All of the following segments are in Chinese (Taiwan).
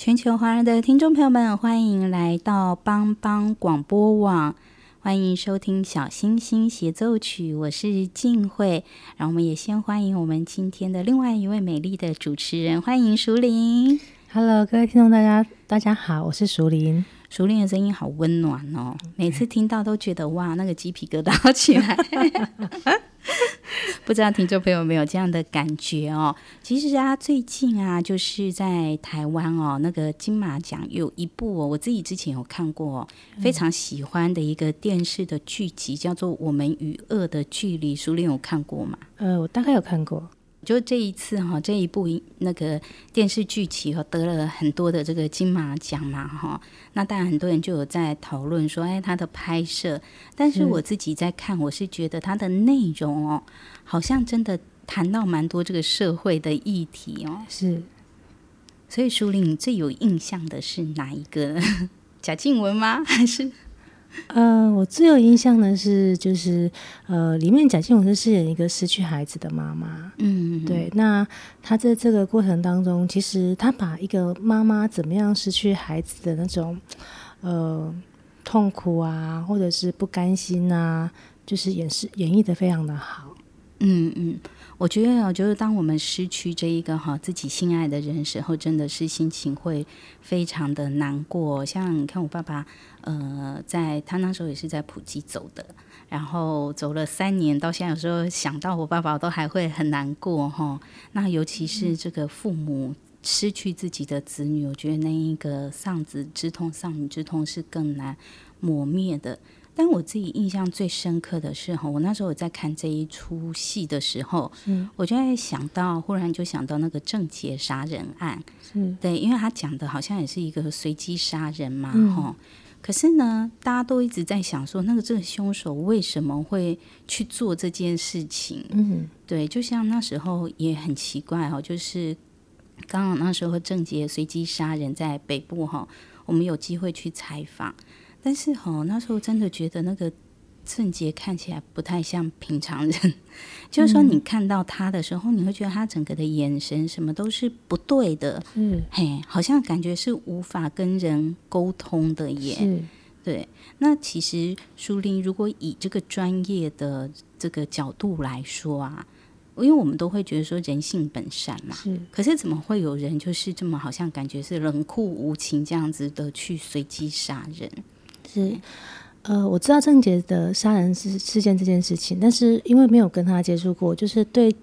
全球華人的聽眾朋友們，歡迎來到幫幫廣播網，歡迎收聽《小星星協奏曲》，我是靜慧，讓我們也先歡迎我們今天的另外一位美麗的主持人，歡迎淑鈴。Hello，各位聽眾，大家大家好，我是淑鈴。淑鈴的聲音好溫暖哦，Okay. 每次聽到都覺得哇，那個雞皮疙瘩起來。 不知道聽眾朋友有沒有這樣的感覺哦。其實啊，最近啊，就是在台灣哦，那個金馬獎有一部、哦、我自己之前有看過、哦嗯，非常喜歡的一個電視的劇集，叫做《我們與惡的距離》。淑鈴有看過嗎？呃，我大概有看過。就這一次哈，這一部那個電視劇集哈得了很多的這個金馬獎嘛哈，那當然很多人就有在討論說，哎，它的拍攝，但是我自己在看，我是覺得它的內容哦，好像真的談到蠻多這個社會的議題哦。是，所以淑鈴你最有印象的是哪一個？賈靜雯嗎？還是？ 呃，我最有印象的是，就是呃，裡面賈靜雯是飾演一個失去孩子的媽媽，嗯，對，那他在這個過程當中，其實他把一個媽媽怎麼樣失去孩子的那種呃痛苦啊，或者是不甘心啊，就是演示演繹得非常的好，嗯嗯。我覺得哦，就是當我們失去這一個哈自己心愛的人時候，真的是心情會非常的難過。像你看我爸爸，呃，在他那時候也是在普吉走的，然後走了三年，到現在有時候想到我爸爸都還會很難過哈。那尤其是這個父母失去自己的子女，嗯、我覺得那一個喪子之痛、喪女之痛是更難磨滅的。但我自己印象最深刻的是哈，我那時候我在看這一出戲的時候，嗯，我就在想到，忽然就想到那個鄭捷殺人案，嗯，對，因為他講的好像也是一個隨機殺人嘛，哈、嗯，可是呢，大家都一直在想說，那個這個兇手為什麼會去做這件事情？嗯，對，就像那時候也很奇怪哈，就是剛好那時候鄭捷隨機殺人，在北部哈，我們有機會去採訪。但是吼，那時候真的覺得那個鄭捷看起來不太像平常人，嗯，就是說你看到他的時候，你會覺得他整個的眼神什麼都是不對的，嗯，嘿，好像感覺是無法跟人溝通的耶。是。對。那其實淑鈴如果以這個專業的這個角度來說啊，因為我們都會覺得說人性本善嘛，是。可是怎麼會有人就是這麼好像感覺是冷酷無情這樣子的去隨機殺人？是，呃，我知道鄭捷的殺人事事件這件事情，但是因為沒有跟他接觸過，就是對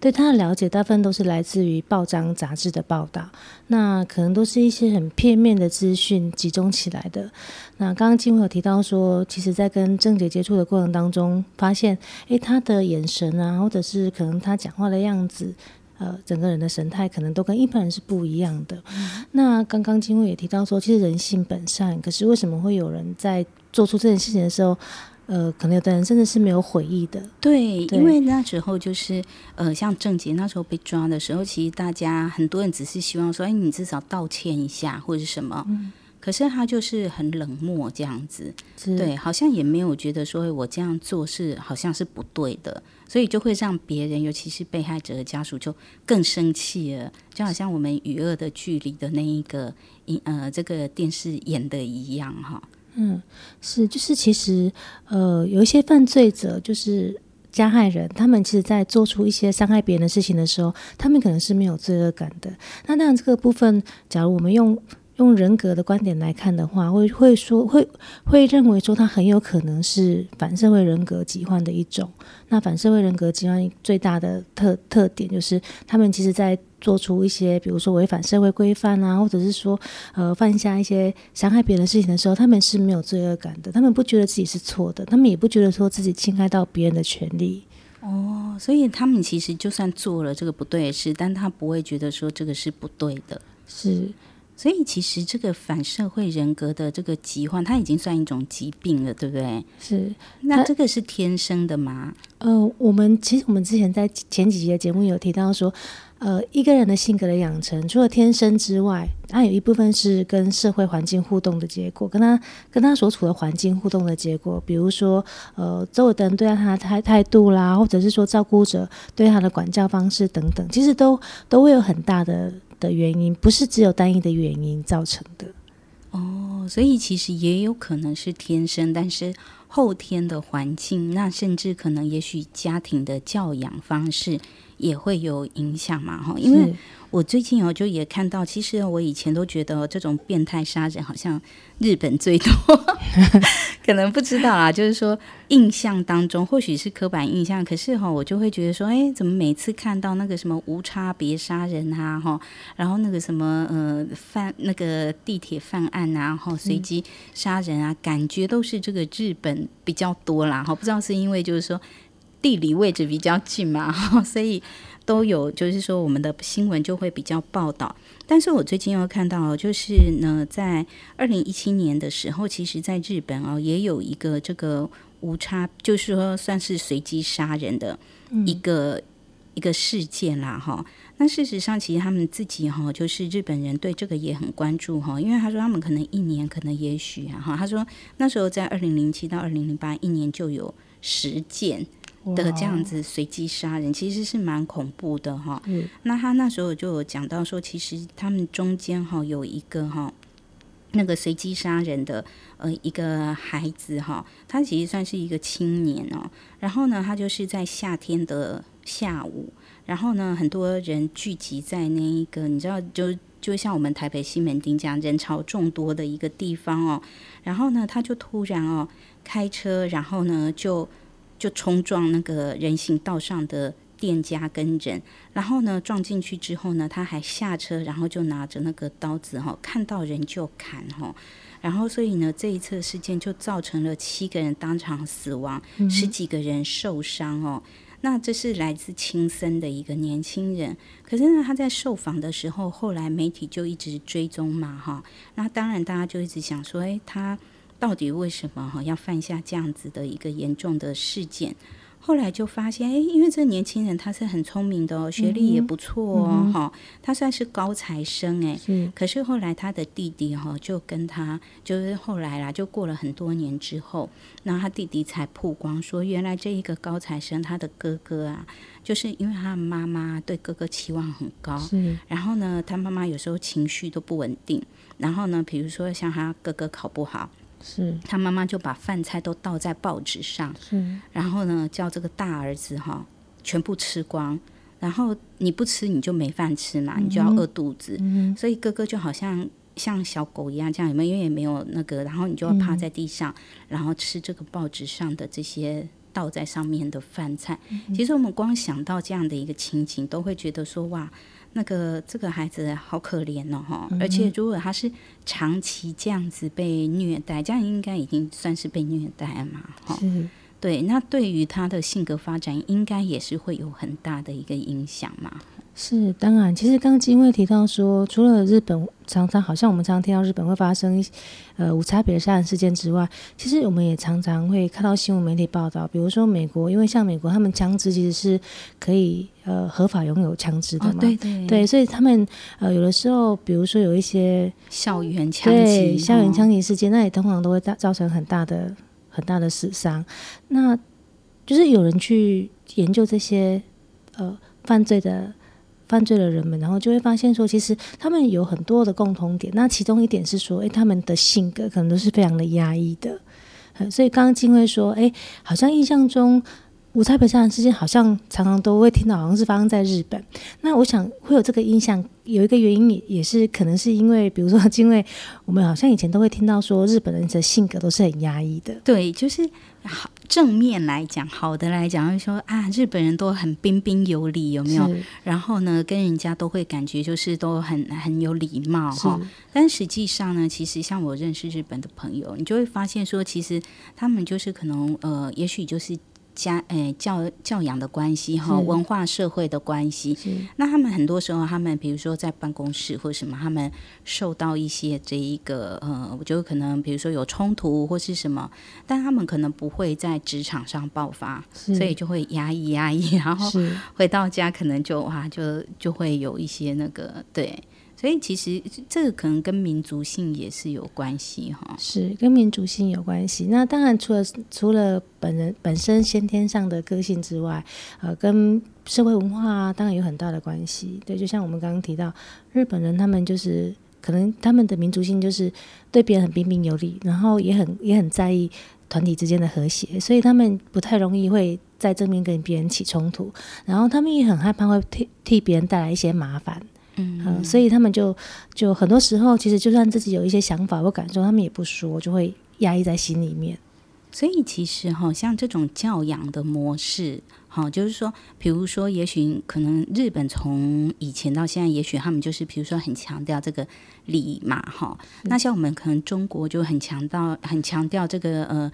對他的了解，大部分都是來自於報章雜誌的報道，那可能都是一些很片面的資訊集中起來的。那剛剛靜慧有提到說，其實，在跟鄭捷接觸的過程當中，發現，誒、欸，他的眼神啊，或者是可能他講話的樣子。呃，整個人的神態可能都跟一般人是不一樣的。嗯、那剛剛靜慧也提到說，其實人性本善，可是為什麼會有人在做出這件事情的時候，呃，可能有的人真的是沒有悔意的對。對，因為那時候就是呃，像鄭捷那時候被抓的時候，其實大家很多人只是希望說，哎，你至少道歉一下或者是什麼、嗯。可是他就是很冷漠這樣子，對，好像也沒有覺得說，我這樣做是好像是不對的。所以就會讓別人，尤其是被害者的家屬，就更生氣了。就好像我們與惡的距離的那一個，一呃，這個電視演的一樣，哈。嗯，是，就是其實，呃，有一些犯罪者，就是加害人，他們其實在做出一些傷害別人的事情的時候，他們可能是沒有罪惡感的。那當然，這個部分，假如我們用，用人格的觀點來看的話，會說會說會會認為說他很有可能是反社會人格疾患的一種。那反社會人格疾患最大的特特點就是，他們其實在做出一些，比如說違反社會規範啊，或者是說呃，犯下一些傷害別人的事情的時候，他們是沒有罪惡感的，他們不覺得自己是錯的，他們也不覺得說自己侵害到別人的權利。哦，所以他們其實就算做了這個不對的事，但他不會覺得說這個是不對的。是。所以，其實這個反社會人格的這個疾患，它已經算一種疾病了，對不對？是。那這個是天生的嗎？呃，我們其實我們之前在前幾集的節目有提到說，呃，一個人的性格的養成，除了天生之外，它有一部分是跟社會環境互動的結果，跟他跟他所處的環境互動的結果，比如說呃，周圍的人對待他的態態度啦，或者是說照顧者對他的管教方式等等，其實都都會有很大的。的原因不是只有單一的原因造成的哦，所以其實也有可能是天生，但是後天的環境，那甚至可能也許家庭的教養方式也會有影響嘛，哈，因為。我最近哦，就也看到，其實我以前都覺得這種變態殺人好像日本最多，可能不知道啊， 就是說印象當中或許是刻板印象，可是哈，我就會覺得說，誒，怎麼每次看到那個什麼無差別殺人啊，哈，然後那個什麼呃犯那個地鐵犯案啊，哈，隨機殺人啊，感覺都是這個日本比較多啦，哈，不知道是因為就是說地理位置比較近嘛，所以。都有，就是說我們的新聞就會比較報道。但是我最近又看到，就是呢，在二零一七年的時候，其實，在日本哦，也有一個這個無差，就是說算是隨機殺人的一個、嗯、一個事件啦，哈。那事實上，其實他們自己哈，就是日本人對這個也很關注哈，因為他說他們可能一年，可能也許哈、啊，他說那時候在二零零七到二零零八一年就有十件。的這樣子隨機殺人，Wow. 其實是蠻恐怖的哈、嗯。那他那時候就有講到說，其實他們中間哈有一個哈那個隨機殺人的呃一個孩子哈，他其實算是一個青年哦。然後呢，他就是在夏天的下午，然後呢，很多人聚集在那一個你知道就，就就像我們台北西門町這樣人潮眾多的一個地方哦。然後呢，他就突然哦開車，然後呢就。就衝撞那個人行道上的店家跟人，然後呢，撞進去之後呢，他還下車，然後就拿着那個刀子哈，看到人就砍哈，然後所以呢，這一次事件就造成了七個人當場死亡，嗯、十幾個人受傷哦。那這是來自青森的一個年輕人，可是呢，他在受訪的時候，後來媒體就一直追蹤嘛哈，那當然大家就一直想說，誒、哎，他。到底為什麼哈要犯下這樣子的一個嚴重的事件？後來就發現，哎、欸，因為這年輕人他是很聰明的哦，嗯、學歷也不錯哦，哈、嗯，他算是高材生哎、欸。可是後來他的弟弟哈，就跟他就是後來啦，就過了很多年之後，那他弟弟才曝光說，原來這一個高材生他的哥哥啊，就是因為他媽媽對哥哥期望很高，然後呢，他媽媽有時候情緒都不穩定，然後呢，比如說像他哥哥考不好。是，他媽媽就把飯菜都倒在報紙上，是，然後呢，叫這個大兒子哈、哦、全部吃光，然後你不吃你就沒飯吃嘛，嗯、你就要餓肚子、嗯嗯，所以哥哥就好像像小狗一樣這樣，有沒有？因為也沒有那個，然後你就要趴在地上、嗯，然後吃這個報紙上的這些倒在上面的飯菜、嗯。其實我們光想到這樣的一個情景，都會覺得說哇。那個這個孩子好可憐哦，哈！而且如果他是長期這樣子被虐待，這樣應該已經算是被虐待了嘛，哈。是，對。那對於他的性格發展，應該也是會有很大的一個影響嘛。是，當然，其實剛剛靜慧提到說，除了日本常常好像我們常常聽到日本會發生一呃無差別的殺人事件之外，其實我們也常常會看到新聞媒體報道，比如說美國，因為像美國他們槍支其實是可以呃合法擁有槍支的嘛，哦、對對,對，所以他們呃有的時候，比如說有一些校園槍擊對校園槍擊事件、哦，那也通常都會大造成很大的很大的死傷，那就是有人去研究這些呃犯罪的。犯罪的人們，然後就會發現說，其實他們有很多的共同點。那其中一點是說，哎，他們的性格可能都是非常的壓抑的。嗯，所以剛剛靜慧說，哎，好像印象中無差別殺人事件好像常常都會聽到，好像是發生在日本。那我想會有這個印象，有一個原因也也是可能是因為，比如說靜慧，我們好像以前都會聽到說，日本人的性格都是很壓抑的。對，就是。好正面來講，好的來講，會說啊，日本人都很彬彬有禮，有沒有？然後呢，跟人家都會感覺就是都很很有禮貌哈、哦。但實際上呢，其實像我認識日本的朋友，你就會發現說，其實他們就是可能呃，也許就是。家誒、欸，教教養的關係和文化社會的關係。那他們很多時候，他們比如說在辦公室或什麼，他們受到一些這一個呃，我覺得可能比如說有衝突或是什麼，但他們可能不會在職場上爆發，所以就會壓抑壓抑，然後回到家可能就哇就就會有一些那個，對。所以其實這個可能跟民族性也是有關係哈，是跟民族性有關係。那當然除了除了本人本身先天上的個性之外，呃，跟社會文化啊，當然有很大的關係。對，就像我們剛剛提到日本人，他們就是可能他們的民族性就是對別人很彬彬有禮，然後也很也很在意團體之間的和諧，所以他們不太容易會在正面跟別人起衝突，然後他們也很害怕會替替別人帶來一些麻煩。嗯，嗯，所以他們就就很多時候，其實就算自己有一些想法或感受，他們也不說，我就會壓抑在心裡面。所以其實哈、哦，像這種教養的模式，哈、哦，就是說，比如說，也許可能日本從以前到現在，也許他們就是，比如說很強調這個禮嘛，哈、哦。那像我們可能中國就很強調，很強調這個呃，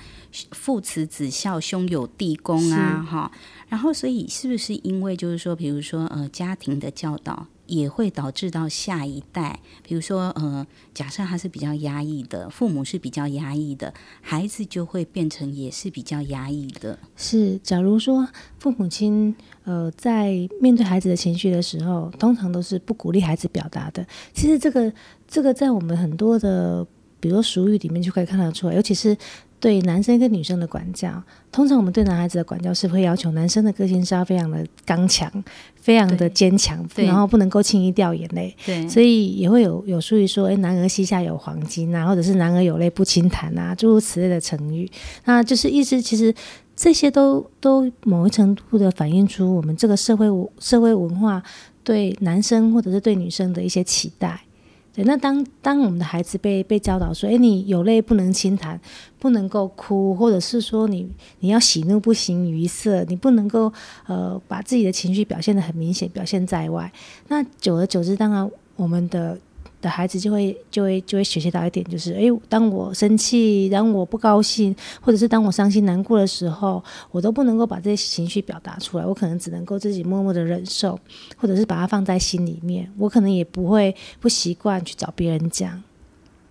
父慈子孝，兄友弟恭啊，哈。然後，所以是不是因為就是說，比如說呃，家庭的教導？也會導致到下一代，比如說，呃，假設他是比較壓抑的，父母是比較壓抑的，孩子就會變成也是比較壓抑的。是，假如說父母親，呃，在面對孩子的情緒的時候，通常都是不鼓勵孩子表達的。其實這個這個在我們很多的，比如俗語裡面就可以看得出來，尤其是，對男生跟女生的管教，通常我們對男孩子的管教是會要求男生的個性是要非常的剛強，非常的堅強，然後不能夠輕易掉眼淚。對，所以也會有有屬於說，誒，男兒膝下有黃金啊，或者是男兒有淚不輕彈啊，諸如此類的成語，那就是意思。其實這些都都某一程度的反映出我們這個社會社會文化對男生或者是對女生的一些期待。對，那當當我們的孩子被被教導說，哎、欸，你有淚不能輕彈，不能夠哭，或者是說你你要喜怒不形於色，你不能夠呃把自己的情緒表現得很明顯，表現在外，那久而久之，當然我們的。的孩子就會就會就會學習到一點，就是哎、欸，當我生氣，當我不高興，或者是當我傷心難過的時候，我都不能夠把這些情緒表達出來，我可能只能夠自己默默的忍受，或者是把它放在心裡面，我可能也不會不習慣去找別人講。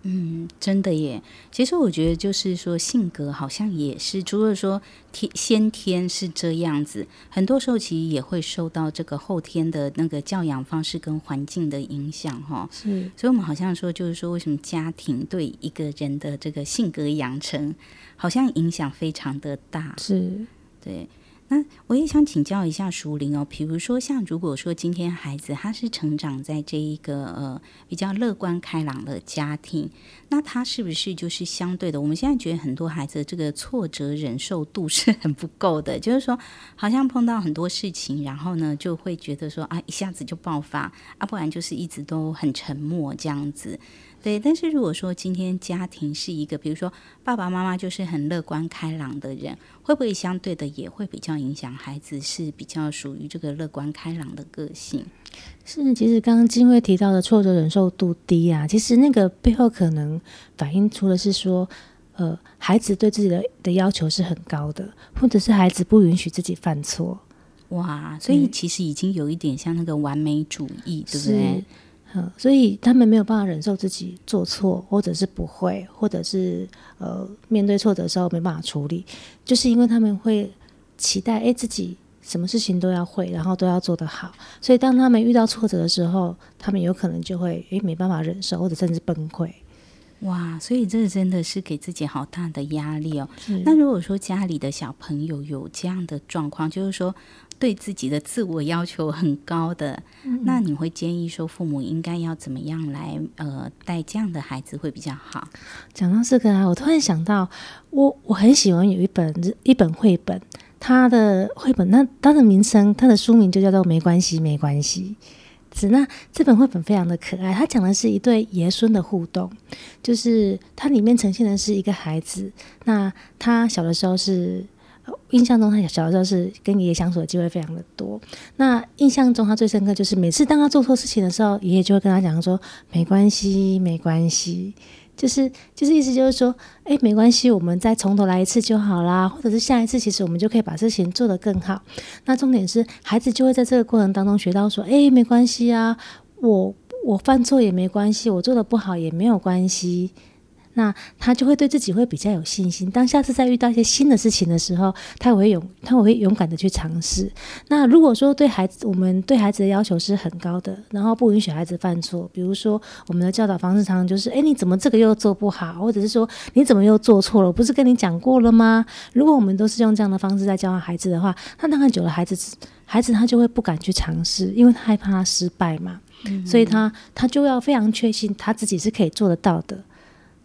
嗯，真的耶。其實我覺得就是說，性格好像也是，除了說天先天是這樣子，很多時候其實也會受到這個後天的那個教養方式跟環境的影響，哈。是。所以我們好像說，就是說，為什麼家庭對一個人的這個性格養成，好像影響非常的大。是。對。那我也想請教一下淑鈴哦，比如說像如果說今天孩子他是成長在這一個呃比較樂觀開朗的家庭，那他是不是就是相對的？我們現在覺得很多孩子這個挫折忍受度是很不夠的，就是說好像碰到很多事情，然後呢就會覺得說啊一下子就爆發，啊不然就是一直都很沉默這樣子。對，但是如果說今天家庭是一個，比如說爸爸媽媽就是很樂觀開朗的人，會不會相對的也會比較影響孩子是比較屬於這個樂觀開朗的個性？是，其實剛剛靜慧提到的挫折忍受度低啊，其實那個背後可能反映出的是說，呃，孩子對自己的的要求是很高的，或者是孩子不允許自己犯錯。哇，所以其實已經有一點像那個完美主義，對不對？是嗯，所以他們沒有辦法忍受自己做錯，或者是不會，或者是呃面對挫折的時候沒辦法處理，就是因為他們會期待誒，自己什麼事情都要會，然後都要做得好，所以當他們遇到挫折的時候，他們有可能就會誒沒辦法忍受，或者甚至崩潰。哇，所以這個真的是給自己好大的壓力哦。那如果說家裡的小朋友有這樣的狀況，就是說。對自己的自我要求很高的、嗯，那你會建議說父母應該要怎麼樣來呃帶這樣的孩子會比較好？講到這個啊，我突然想到，我我很喜歡有一本一本繪本，它的繪本那它，它的名稱，它的書名就叫做《沒關係，沒關係》。子那這本繪本非常的可愛，它講的是一對爺孫的互動，就是它裡面呈現的是一個孩子，那他小的時候是。印象中，他小的時候是跟爺爺相處的機會非常的多。那印象中，他最深刻就是每次當他做錯事情的時候，爺爺就會跟他講說：“沒關係，沒關係。”就是就是意思就是說：“誒，沒關係，我們再從頭來一次就好啦。”或者是下一次，其實我們就可以把事情做得更好。那重點是，孩子就會在這個過程當中學到說：“誒，沒關係啊，我我犯錯也沒關係，我做得不好也沒有關係。”那他就會對自己會比較有信心。當下次再遇到一些新的事情的時候，他也會勇，他也會勇敢的去嘗試。那如果說對孩子，我們對孩子的要求是很高的，然後不允許孩子犯錯，比如說我們的教導方式常常就是：哎、欸，你怎麼這個又做不好，或者是說你怎麼又做錯了？我不是跟你講過了嗎？如果我們都是用這樣的方式在教孩子的話，那當然久了，孩子孩子他就會不敢去嘗試，因為他害怕他失敗嘛。嗯，所以他他就要非常確信他自己是可以做得到的。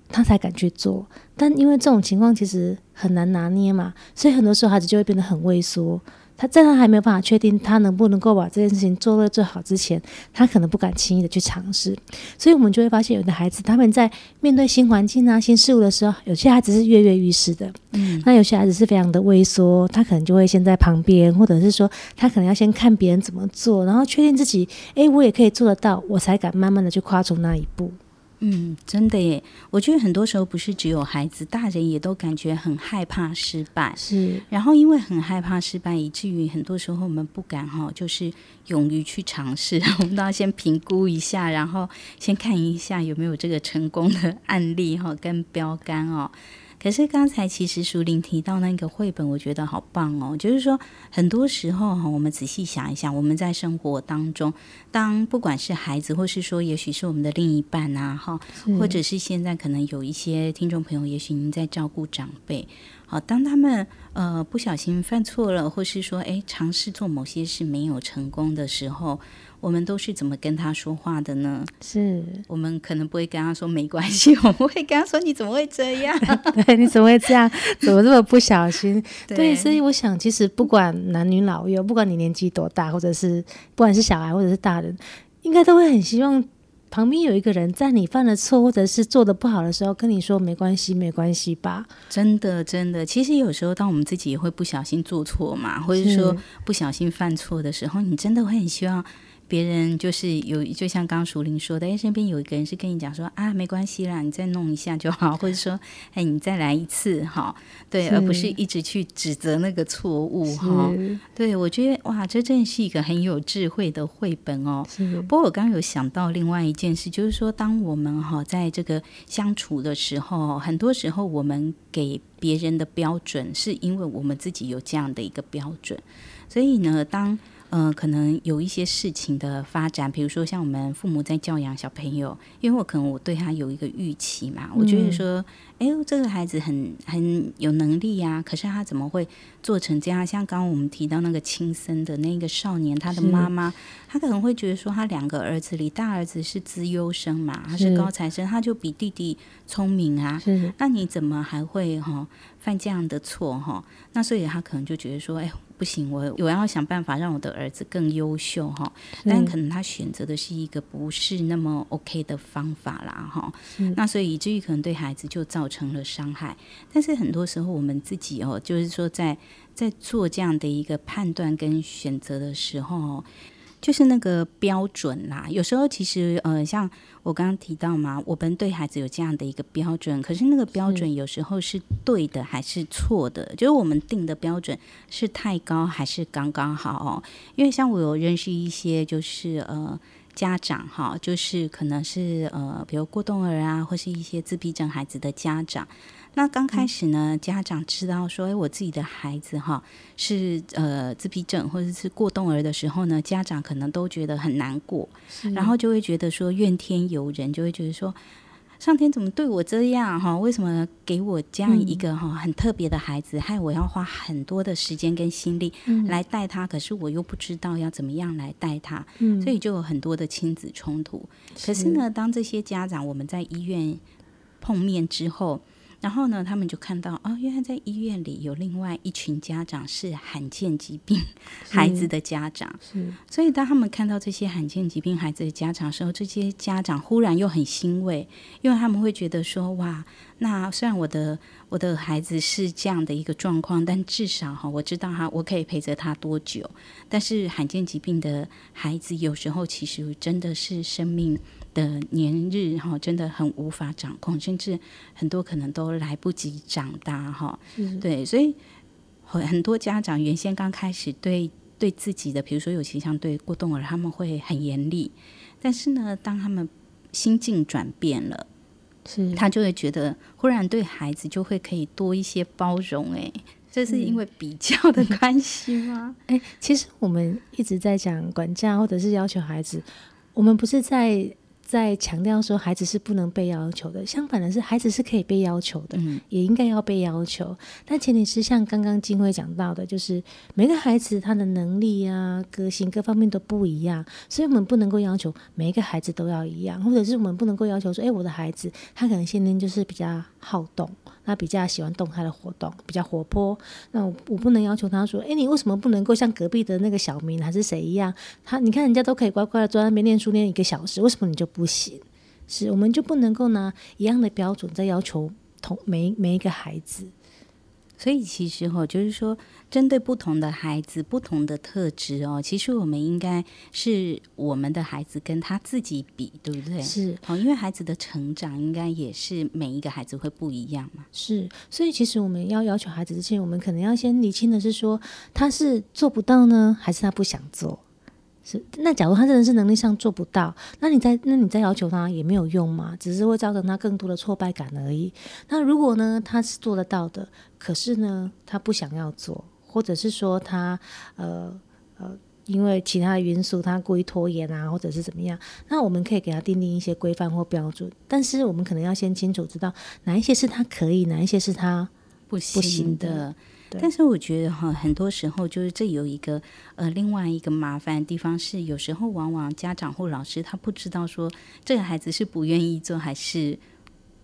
他才敢去做，但因為這種情況其實很難拿捏嘛，所以很多時候孩子就會變得很畏縮。他在他還沒有辦法確定他能不能夠把這件事情做到最好之前，他可能不敢輕易的去嘗試。所以我們就會發現，有的孩子他們在面對新環境啊、新事物的時候，有些孩子是躍躍欲試的、嗯，那有些孩子是非常的畏縮，他可能就會先在旁邊，或者是說他可能要先看別人怎麼做，然後確定自己，哎，我也可以做得到，我才敢慢慢的去跨出那一步。嗯，真的耶！我覺得很多時候不是只有孩子，大人也都感覺很害怕失敗。是，然後因為很害怕失敗，以至於很多時候我們不敢哈，就是勇於去嘗試。我們都要先評估一下，然後先看一下有沒有這個成功的案例哈，跟標杆哦。可是剛才其實淑鈴提到那個繪本，我覺得好棒哦。就是說，很多時候哈，我們仔細想一想，我們在生活當中，當不管是孩子，或是說，也許是我們的另一半吶、啊，哈，或者是現在可能有一些聽眾朋友，也許您在照顧長輩，好，當他們呃不小心犯錯了，或是說誒，誒嘗試做某些事沒有成功的時候。我們都是怎麼跟他說話的呢？是我們可能不會跟他說沒關係，我們會跟他說，你怎麼會這樣？ 對，你怎麼會這樣？怎麼這麼不小心？對，對，所以我想，其實不管男女老幼，不管你年紀多大，或者是不管是小孩或者是大人，應該都會很希望旁邊有一個人在你犯了錯或者是做得不好的時候，跟你說沒關係，沒關係吧？真的，真的。其實有時候，當我們自己也會不小心做錯嘛，或者說不小心犯錯的時候，你真的會很希望。別人就是有，就像剛剛淑鈴說的，誒、哎，身邊有一個人是跟你講說啊，沒關係啦，你再弄一下就好，或者說，誒，你再來一次，好、哦，對，而不是一直去指責那個錯誤，哈、哦，對，我覺得哇，這真是一個很有智慧的繪本哦。不過我剛剛有想到另外一件事，就是說，當我們哈在這個相處的時候，很多時候我們給別人的標準，是因為我們自己有這樣的一個標準，所以呢，當嗯、呃，可能有一些事情的發展，比如說像我們父母在教養小朋友，因為我可能我對他有一個預期嘛，我覺得說、嗯，哎呦，這個孩子很很有能力呀、啊，可是他怎麼會做成這樣？像剛剛我們提到那個輕生的那個少年，他的媽媽，他可能會覺得說，他兩個兒子裡，大兒子是資優生嘛，他是高材生，他就比弟弟聰明啊是，那你怎麼還會吼犯這樣的錯哈，那所以他可能就覺得說，哎、欸，不行，我我要想辦法讓我的兒子更優秀哈。但可能他選擇的是一個不是那麼 OK 的方法啦哈。那所以以至於可能對孩子就造成了傷害。但是很多時候我們自己哦，就是說在在做這樣的一個判斷跟選擇的時候，就是那個標準啦。有時候其實呃，像。我剛剛提到嘛，我們對孩子有這樣的一個標準，可是那個標準有時候是對的還是錯的？是就是我們定的標準是太高還是剛剛好？哦，因為像我有認識一些就是呃家長哈，就是可能是呃比如過動兒啊，或是一些自閉症孩子的家長。那剛開始呢、嗯，家長知道說：“誒、欸，我自己的孩子哈是呃自閉症或者是過動兒的時候呢，家長可能都覺得很難過，然後就會覺得說怨天尤人，就會覺得說上天怎麼對我這樣哈？為什麼給我這樣一個哈很特別的孩子、嗯？害我要花很多的時間跟心力來帶他、嗯，可是我又不知道要怎麼樣來帶他、嗯，所以就有很多的親子衝突、嗯。可是呢，當這些家長我們在醫院碰面之後。”然後呢，他們就看到啊、哦，原來在醫院裡有另外一群家長是罕見疾病，孩子的家長，是。所以當他們看到這些罕見疾病孩子的家長的時候，這些家長忽然又很欣慰，因為他們會覺得說，哇。那雖然我的我的孩子是這樣的一個狀況，但至少哈，我知道哈，我可以陪着他多久。但是罕見疾病的孩子有時候其實真的是生命的年日哈，真的很無法掌控，甚至很多可能都來不及長大哈、嗯。對，所以很很多家長原先剛開始對對自己的，比如說有些像對過動兒，他們會很嚴厲，但是呢，當他們心境轉變了。他就會覺得，忽然對孩子就會可以多一些包容、欸，哎，這是因為比較的關係嗎？哎、嗯 欸，其實我們一直在講管教，或者是要求孩子，我們不是在。在強調說，孩子是不能被要求的。相反的是，孩子是可以被要求的，嗯，也應該要被要求。但前提是，像剛剛靜慧講到的，就是每個孩子他的能力啊、個性各方面都不一樣，所以我們不能夠要求每一個孩子都要一樣，或者是我們不能夠要求說，哎、欸，我的孩子他可能先天就是比較好動。他比較喜歡動態的活動，比較活潑。那我我不能要求他說，哎、欸，你為什麼不能夠像隔壁的那個小明還是誰一樣？他你看人家都可以乖乖的坐在那邊練書練一個小時，為什麼你就不行？是，我們就不能夠拿一樣的標準在要求同每每一個孩子。所以其實吼、哦，就是說，針對不同的孩子，不同的特質哦，其實我們應該是我們的孩子跟他自己比，對不對？是，哦，因為孩子的成長應該也是每一個孩子會不一樣嘛。是，所以其實我們要要求孩子之前，我們可能要先理清的是說，他是做不到呢，還是他不想做？是，那假如他真的是能力上做不到，那你在那你再要求他也沒有用嘛，只是會造成他更多的挫敗感而已。那如果呢，他是做得到的，可是呢，他不想要做，或者是說他，呃呃，因為其他因素他故意拖延啊，或者是怎麼樣？那我們可以給他訂定一些規範或標準，但是我們可能要先清楚知道哪一些是他可以，哪一些是他不行的。行，但是我覺得哈，很多時候就是這有一個呃、另外一個麻煩的地方是，有時候往往家長或老師他不知道說這個孩子是不願意做還是。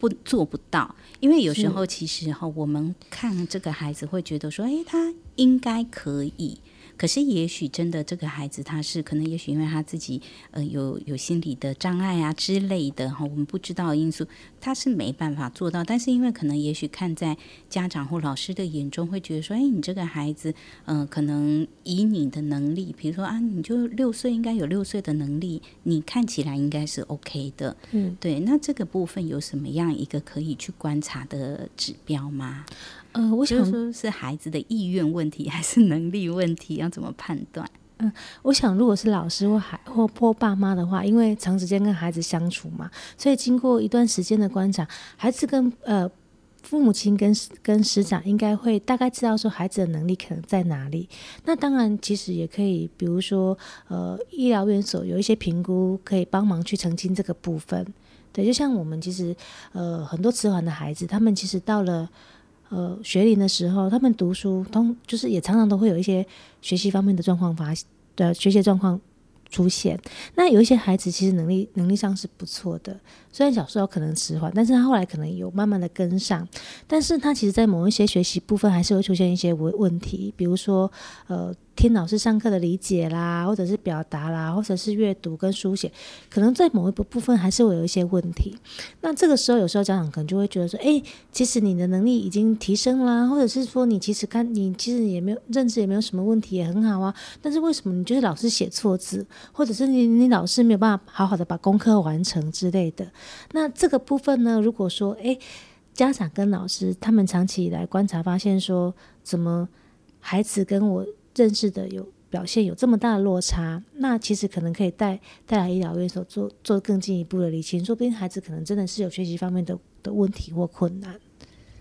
不做不到，因為有時候其實哈，我們看這個孩子會覺得說，哎，他應該可以。可是，也許真的這個孩子他是可能，也許因為他自己，呃，有有心理的障礙啊之類的哈，我們不知道因素，他是沒辦法做到。但是，因為可能也許看在家長或老師的眼中，會覺得說，哎，你這個孩子，嗯、呃，可能以你的能力，比如說啊，你就六歲應該有六歲的能力，你看起來應該是 OK 的。嗯，對，那這個部分有什麼樣一個可以去觀察的指標嗎？呃，我想、就是、說是孩子的意願問題還是能力問題，要怎麼判斷？嗯、呃，我想如果是老師或孩或或爸媽的話，因為長時間跟孩子相處嘛，所以經過一段時間的觀察，孩子跟呃父母親跟跟師長應該會大概知道說孩子的能力可能在哪裡。那當然，其實也可以，比如說呃醫療院所有一些評估，可以幫忙去澄清這個部分。對，就像我們其實呃很多遲緩的孩子，他們其實到了。呃，學齡的時候，他們讀書通就是也常常都會有一些學習方面的狀況發，呃、啊，學習狀況出現。那有一些孩子其實能力能力上是不錯的，雖然小時候可能遲緩，但是他後來可能有慢慢的跟上，但是他其實，在某一些學習部分還是會出現一些問問題，比如說，呃。聽老師上課的理解啦，或者是表達啦，或者是閱讀跟書寫，可能在某一部部分還是會有一些問題。那這個時候有時候家長可能就會覺得說：“誒，其實你的能力已經提升啦，或者是說你其實看你其實也沒有認知也沒有什麼問題，也很好啊。但是為什麼你就是老是寫錯字，或者是你你老是沒有辦法好好的把功課完成之類的？那這個部分呢，如果說誒，家長跟老師他們長期以來觀察發現說，怎麼孩子跟我。認識的有表現有這麼大的落差，那其實可能可以帶帶來醫療院所做做更進一步的釐清，說不定孩子可能真的是有學習方面的的問題或困難。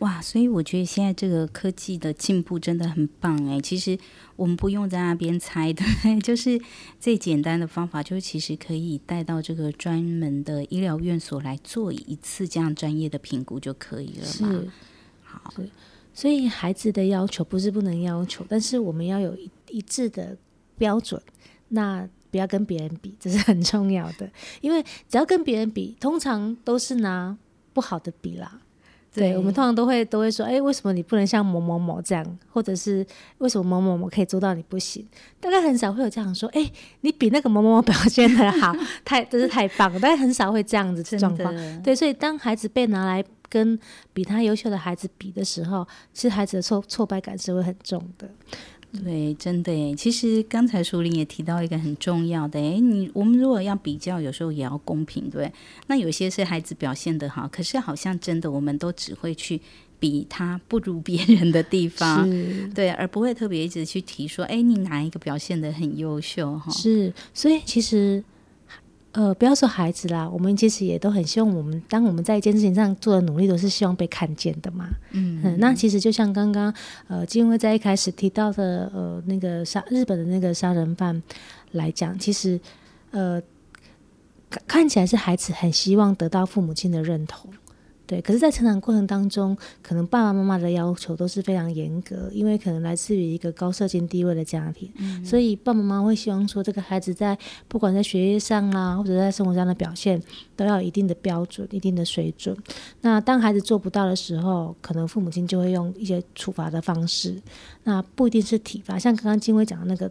哇，所以我覺得現在這個科技的進步真的很棒誒、欸。其實我們不用在那邊猜的，就是最簡單的方法就是其實可以帶到這個專門的醫療院所來做一次這樣專業的評估就可以了嘛。是，好。所以孩子的要求不是不能要求，但是我們要有一一致的標準。那不要跟別人比，這是很重要的。因為只要跟別人比，通常都是拿不好的比啦。對，對我們通常都會都會說：“哎、欸，為什麼你不能像某某某這樣？或者是為什麼某某某可以做到，你不行？”大概很少會有家長說：“哎、欸，你比那個某某某表現得好， 太真是太棒了。”大概很少會這樣子的狀況。對，所以當孩子被拿來，跟比他優秀的孩子比的時候，其實孩子的挫挫敗感是會很重的。對，真的誒。其實剛才淑鈴也提到一個很重要的誒、欸，你我們如果要比較，有時候也要公平，對，那有些是孩子表現得好，可是好像真的，我們都只會去比他不如別人的地方，對，而不會特別一直去提說，哎、欸，你哪一個表現得很優秀哈？是，所以其實。呃，不要說孩子啦，我們其實也都很希望，我們當我們在一件事情上做的努力，都是希望被看見的嘛。嗯，嗯，嗯，嗯，那其實就像剛剛呃靜慧在一開始提到的呃那個殺日本的那個殺人犯來講，其實呃看看起來是孩子很希望得到父母親的認同。對，可是，在成長過程當中，可能爸爸媽，媽媽的要求都是非常嚴格，因為可能來自於一個高社經地位的家庭，嗯、所以爸爸媽媽會希望說，這個孩子在不管在學業上啊，或者在生活上的表現，都要有一定的標準，一定的水準。那當孩子做不到的時候，可能父母親就會用一些處罰的方式，那不一定是體罰，像剛剛靜慧講的那個，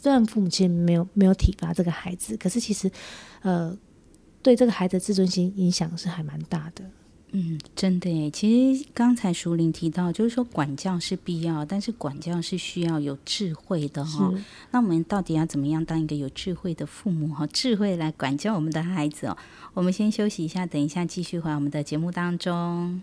雖然父母親沒有沒有體罰這個孩子，可是其實，呃，對這個孩子的自尊心影響是還蠻大的。嗯，真的誒。其實剛才淑鈴提到，就是說管教是必要，但是管教是需要有智慧的哈、哦。那我們到底要怎麼樣當一個有智慧的父母哈？智慧來管教我們的孩子哦。我們先休息一下，等一下繼續回我們的節目當中。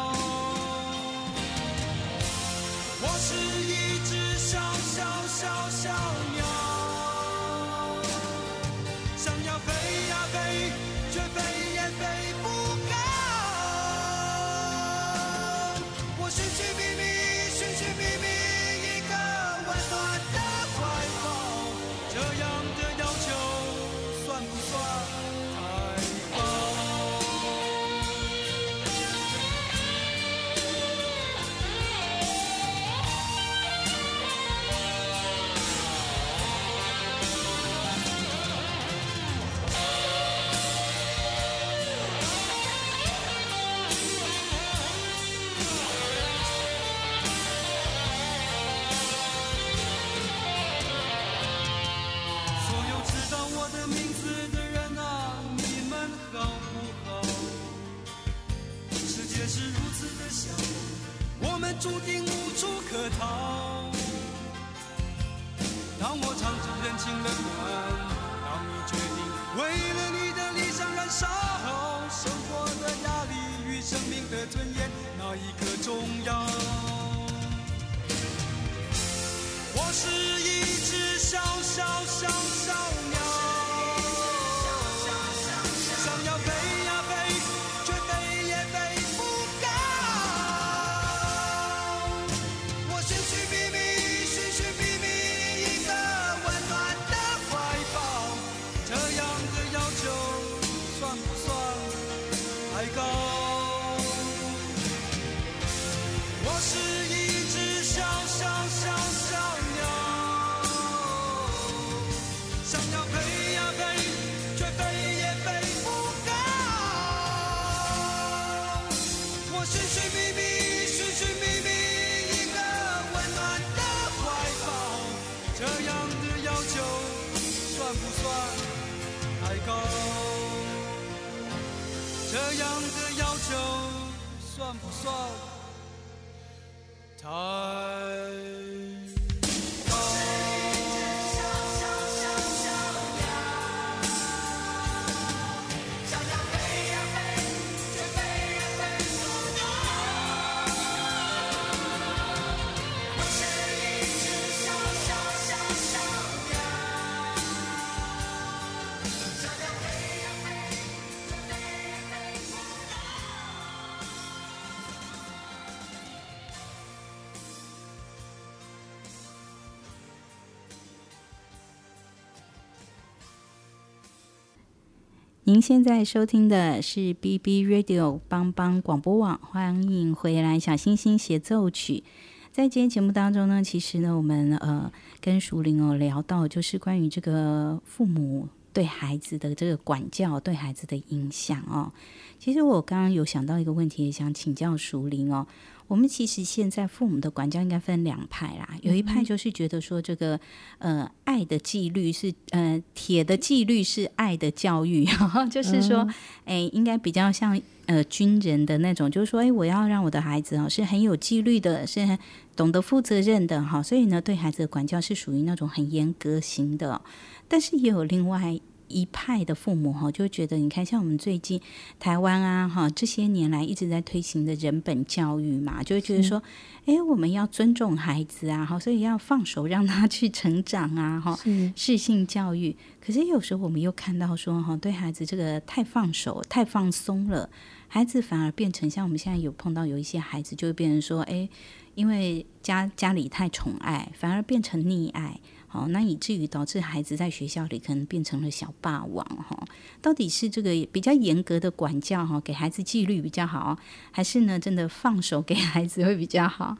您現在收聽的是 B&B Radio 幫幫廣播網，歡迎回來。小星星協奏曲，在今天節目當中呢，其實呢，我們呃跟淑鈴哦聊到，就是關於這個父母對孩子的這個管教，對孩子的影響哦。其實我剛剛有想到一個問題，也想請教淑鈴哦。我們其實現在父母的管教應該分兩派啦，嗯嗯，有一派就是覺得說這個，呃，愛的紀律是，呃，鐵的紀律是愛的教育， 就是說，哎、嗯欸，應該比較像呃軍人的那種，就是說，哎、欸，我要讓我的孩子哦是很有紀律的，是很懂得負責任的哈，所以呢，對孩子的管教是屬於那種很嚴格型的，但是也有另外，一派的父母哈，就覺得你看像我們最近台灣啊哈，這些年來一直在推行的人本教育嘛，就會覺得說，哎、欸，我們要尊重孩子啊，哈，所以要放手讓他去成長啊，哈，適性教育。可是有時候我們又看到說，哈，對孩子這個太放手、太放鬆了，孩子反而變成像我們現在有碰到有一些孩子，就會變成說，哎、欸，因為家家裡太寵愛，反而變成溺愛。好，那以至於導致孩子在學校裡可能變成了小霸王哈。到底是這個比較嚴格的管教哈，給孩子紀律比較好，還是呢真的放手給孩子會比較好？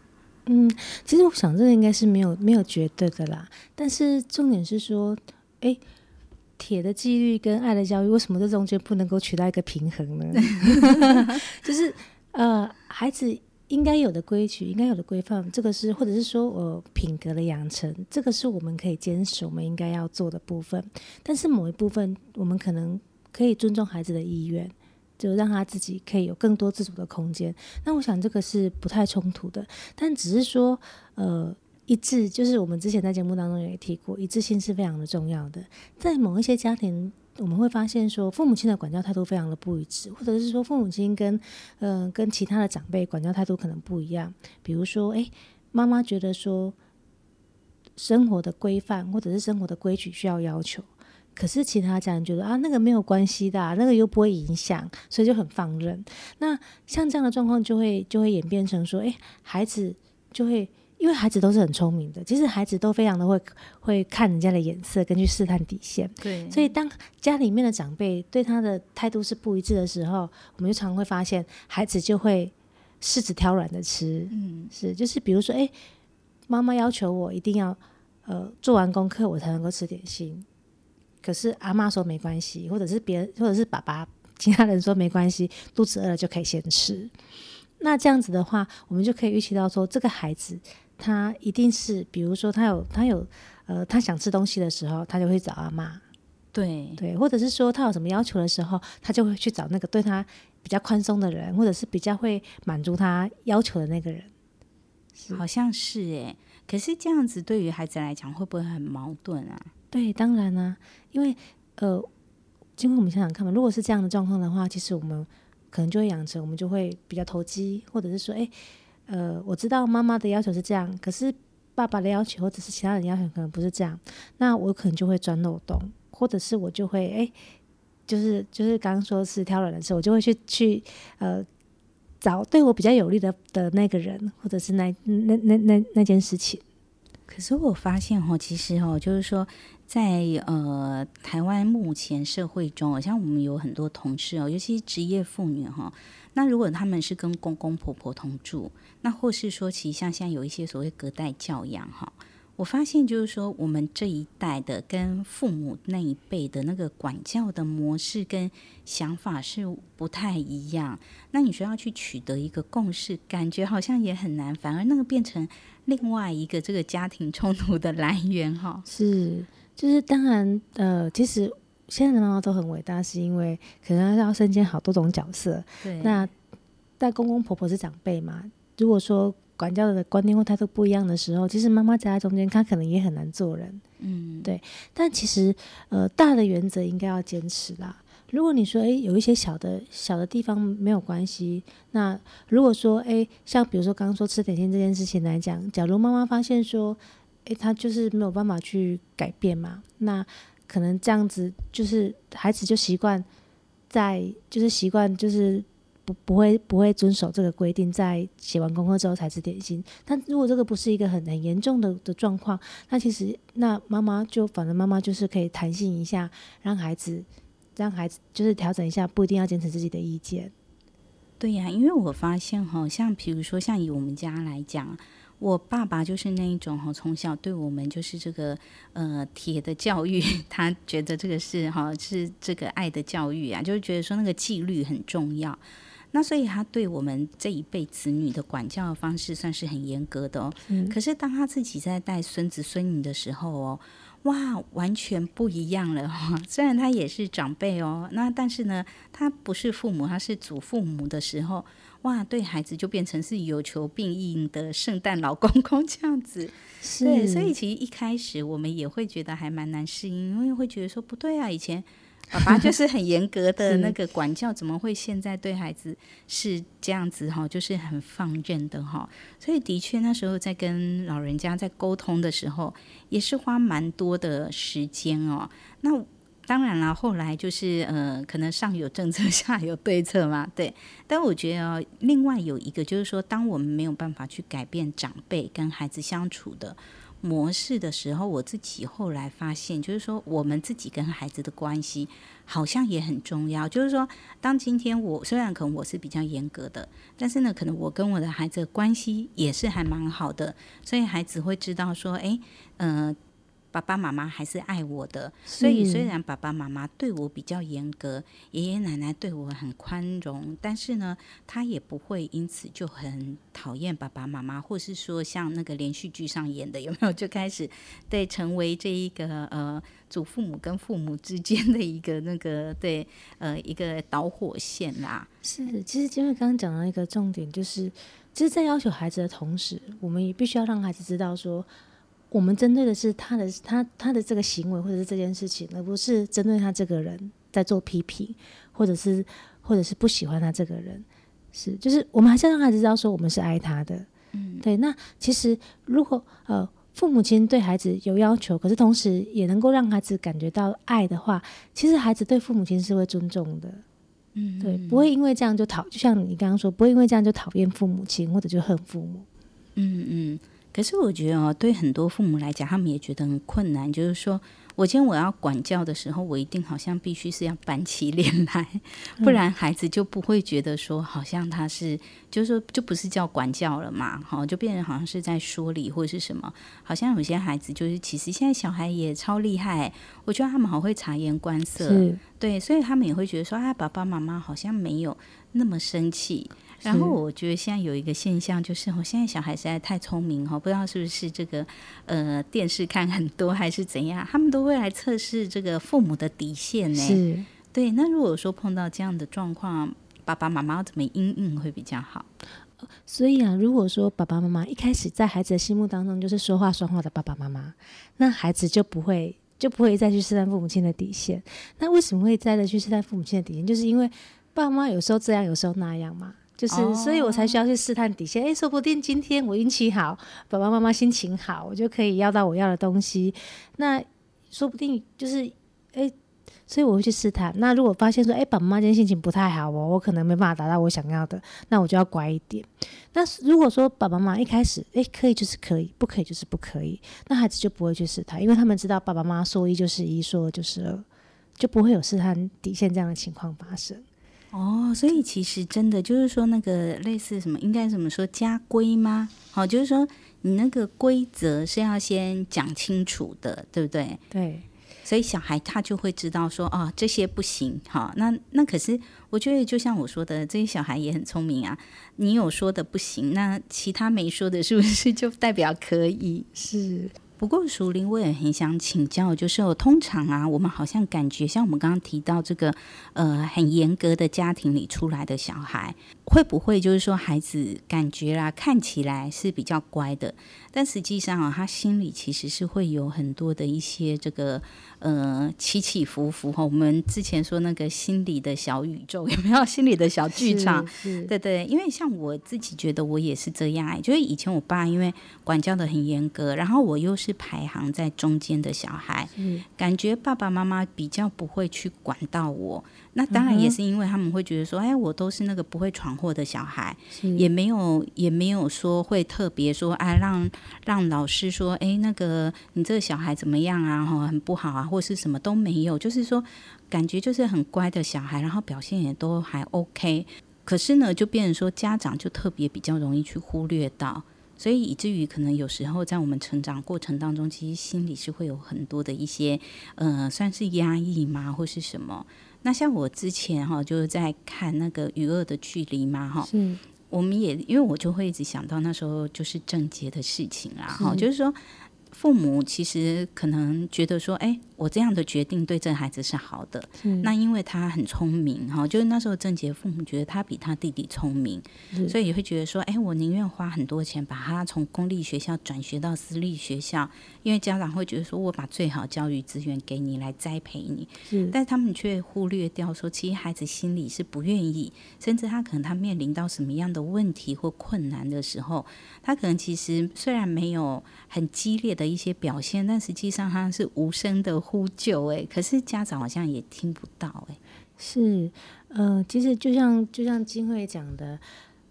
嗯，其實我想這個應該是沒有沒有絕對的啦。但是重點是說，誒、欸，鐵的紀律跟愛的教育，為什麼這中間不能夠取到一個平衡呢？ 就是呃，孩子。應該有的規矩，應該有的規範，這個是，或者是說，呃，品格的養成，這個是我們可以堅持，我們應該要做的部分。但是某一部分，我們可能可以尊重孩子的意願，就讓他自己可以有更多自主的空間。那我想這個是不太衝突的，但只是說，呃，一致，就是我們之前在節目當中也提過，一致性是非常的重要的。在某一些家庭，我們會發現說，父母親的管教態度非常的不一致，或者是說，父母親跟，嗯、呃，跟其他的長輩管教態度可能不一樣。比如說，哎、欸，媽媽覺得說，生活的規範或者是生活的規矩需要要求，可是其他家人覺得啊，那個沒有關係的，啊，那個又不會影響，所以就很放任。那像這樣的狀況，就會就會演變成說，哎、欸，孩子就會。因為孩子都是很聰明的，其實孩子都非常的會會看人家的眼色，跟試探底線。對，所以當家裡面的長輩對他的態度是不一致的時候，我們就常會發現孩子就會柿子挑軟的吃。嗯，是，就是比如說，誒、欸，媽媽要求我一定要呃做完功課我才能夠吃點心，可是阿媽說沒關係，或者是別人或者是爸爸其他人說沒關係，肚子餓了就可以先吃，嗯。那這樣子的話，我們就可以預期到說這個孩子。他一定是，比如說，他有他有，呃，他想吃東西的時候，他就會找阿媽。對對，或者是說他有什麼要求的時候，他就會去找那個對他比較寬鬆的人，或者是比較會滿足他要求的那個人。好像是誒，可是這樣子對於孩子來講會不會很矛盾啊？對，當然呢、啊，因為呃，經過我們想想看嘛，如果是這樣的狀況的話，其實我們可能就會養成，我們就會比較投機，或者是說，誒。呃，我知道媽媽的要求是這樣，可是爸爸的要求或者是其他人要求可能不是這樣，那我可能就會鑽漏洞，或者是我就會哎，就是就是剛剛說是挑人的時候，我就會去去呃找對我比較有利的的那個人，或者是那那那那那件事情。可是我發現哦，其實哦，就是說在，在呃台灣目前社會中，好像我們有很多同事哦，尤其是職業婦女哈，那如果他們是跟公公婆婆同住，那或是說，其實像現在有一些所謂隔代教養哈，我發現就是說，我們這一代的跟父母那一輩的那個管教的模式跟想法是不太一樣，那你說要去取得一個共識，感覺好像也很難，反而那個變成。另外一個這個家庭衝突的來源哈，是就是當然呃，其實現在的媽媽都很偉大，是因為可能要身兼好多種角色。對，那在公公婆婆是長輩嘛，如果說管教的觀念或態度不一樣的時候，其實媽媽夾在中間，她可能也很難做人。嗯，對。但其實呃，大的原則應該要堅持啦。如果你說誒，有一些小的小的地方沒有關係。那如果說誒，像比如說剛剛說吃點心這件事情來講，假如媽媽發現說，誒她他就是沒有辦法去改變嘛，那可能這樣子就是孩子就習慣在，就是習慣就是不不會不會遵守這個規定，在寫完功課之後才吃點心。但如果這個不是一個很很嚴重的的狀況，那其實那媽媽就反正媽媽就是可以彈性一下，讓孩子。讓孩子就是調整一下，不一定要堅持自己的意見。對呀，啊，因為我發現哈，像比如說像以我們家來講，我爸爸就是那一種哈，從小對我們就是這個呃鐵的教育，他覺得這個是哈是這個愛的教育啊，就是覺得說那個紀律很重要。那所以他對我們這一輩子女的管教方式算是很嚴格的哦。嗯。可是當他自己在帶孫子孫女的時候哦。哇，完全不一樣了哦！雖然他也是長輩哦，那但是呢，他不是父母，他是祖父母的時候，哇，對孩子就變成是有求必應的聖誕老公公這樣子。對，所以其實一開始我們也會覺得還蠻難適應，因為會覺得說不對啊，以前。 爸爸就是很嚴格的那個管教、 嗯，怎麼會現在對孩子是這樣子哈？就是很放任的哈。所以的確那時候在跟老人家在溝通的時候，也是花蠻多的時間哦。那當然了，後來就是呃，可能上有政策下有對策嘛。對，但我覺得哦，另外有一個就是說，當我們沒有辦法去改變長輩跟孩子相處的。模式的時候，我自己後來發現，就是說，我們自己跟孩子的關係好像也很重要。就是說，當今天我雖然可能我是比較嚴格的，但是呢，可能我跟我的孩子的關係也是還蠻好的，所以孩子會知道說，誒，嗯。呃爸爸媽媽還是愛我的，所以雖然爸爸媽媽對我比較嚴格，嗯、爺爺奶奶對我很寬容，但是呢，他也不會因此就很討厭爸爸媽媽，或是說像那個連續劇上演的有沒有，就開始對成為這一個呃祖父母跟父母之間的一個那個對呃一個導火線啦。是，其實今天剛剛講的一個重點，就是就是在要求孩子的同時，我們也必須要讓孩子知道說。我們針對的是他的他他的這個行為或者是這件事情，而不是針對他這個人在做批評，或者是或者是不喜歡他這個人，是就是我們還是要讓孩子知道說我們是愛他的，嗯，對。那其實如果呃父母親對孩子有要求，可是同時也能夠讓孩子感覺到愛的話，其實孩子對父母親是會尊重的，嗯，嗯，對，不會因為這樣就討，就像你剛剛說，不會因為這樣就討厭父母親或者就恨父母，嗯嗯。可是我覺得哦，對很多父母來講，他們也覺得很困難，就是說，我今天我要管教的時候，我一定好像必須是要板起臉來，嗯，不然孩子就不會覺得說，好像他是。就是說，就不是叫管教了嘛，哈，就變成好像是在說理或者是什麼。好像有些孩子就是，其實現在小孩也超厲害，我覺得他們好會察言觀色，對，所以他們也會覺得說，啊，爸爸媽媽好像沒有那麼生氣。然後我覺得現在有一個現象就是，我現在小孩實在太聰明哈，不知道是不是這個呃電視看很多還是怎樣，他們都會來測試這個父母的底線呢。是，對。那如果說碰到這樣的狀況，爸爸媽媽怎麼因應會比較好？所以啊，如果說爸爸媽媽一開始在孩子的心目當中就是說話算話的爸爸媽媽，那孩子就不會就不會再去試探父母親的底線。那為什麼會再的去試探父母親的底線？就是因為爸媽有時候這樣，有時候那樣嘛。就是，所以我才需要去試探底線。哎、oh.，說不定今天我運氣好，爸爸媽媽心情好，我就可以要到我要的東西。那說不定就是。所以我會去試探。那如果發現說，哎、欸，爸爸媽媽今天心情不太好哦,我可能沒辦法達到我想要的，那我就要乖一點。那如果說爸爸媽媽一開始，哎、欸，可以就是可以，不可以就是不可以，那孩子就不會去試探，因為他們知道爸爸媽媽說一就是一，說二就是二，就不會有試探底線這樣的情況發生。哦，所以其實真的就是說，那個類似什麼，應該怎麼說，家規嗎？好、哦，就是說你那個規則是要先講清楚的，對不對？對。所以小孩他就會知道說，哦，這些不行哈。那那可是我覺得就像我說的，這些小孩也很聰明啊。你有說的不行，那其他沒說的，是不是就代表可以？是。不過淑鈴我也很想請教，就是、哦、通常啊，我們好像感覺像我們剛剛提到這個，呃，很嚴格的家庭裡出來的小孩，會不會就是說孩子感覺啦，看起來是比較乖的，但實際上啊，他心裡其實是會有很多的一些這個呃起起伏伏哈。我們之前說那個心理的小宇宙有沒有？ 心理的小劇場，對對。因為像我自己覺得我也是這樣哎、欸，就是以前我爸因為管教得很嚴格，然後我又是排行在中間的小孩，感覺爸爸媽媽比較不會去管到我。那當然也是因為他們會覺得說、嗯，哎，我都是那個不會闖禍的小孩，也沒有也沒有說會特別說，哎，讓讓老師說，哎，那個你這個小孩怎麼樣啊？哦、很不好啊，或是什麼都沒有，就是說感覺就是很乖的小孩，然後表現也都還 OK。可是呢，就變成說家長就特別比較容易去忽略到，所以以至於可能有時候在我們成長過程當中，其實心裡是會有很多的一些，呃，算是壓抑嘛，或是什麼。那像我之前哈，就是在看那個《與惡的距離》嘛哈，我們也因為我就會一直想到那時候就是鄭捷的事情啦哈，就是說父母其實可能覺得說，哎、欸，我這樣的決定對這孩子是好的，那因為他很聰明哈，就是那時候鄭捷父母覺得他比他弟弟聰明，所以也會覺得說，哎、欸，我寧願花很多錢把他從公立學校轉學到私立學校。因為家長會覺得說，我把最好教育資源給你來栽培你，是，但他們卻忽略掉說，其實孩子心裡是不願意，甚至他可能他面臨到什麼樣的問題或困難的時候，他可能其實雖然沒有很激烈的一些表現，但實際上他是無聲的呼救，誒，可是家長好像也聽不到，誒，是，呃，其實就像就像靜慧講的，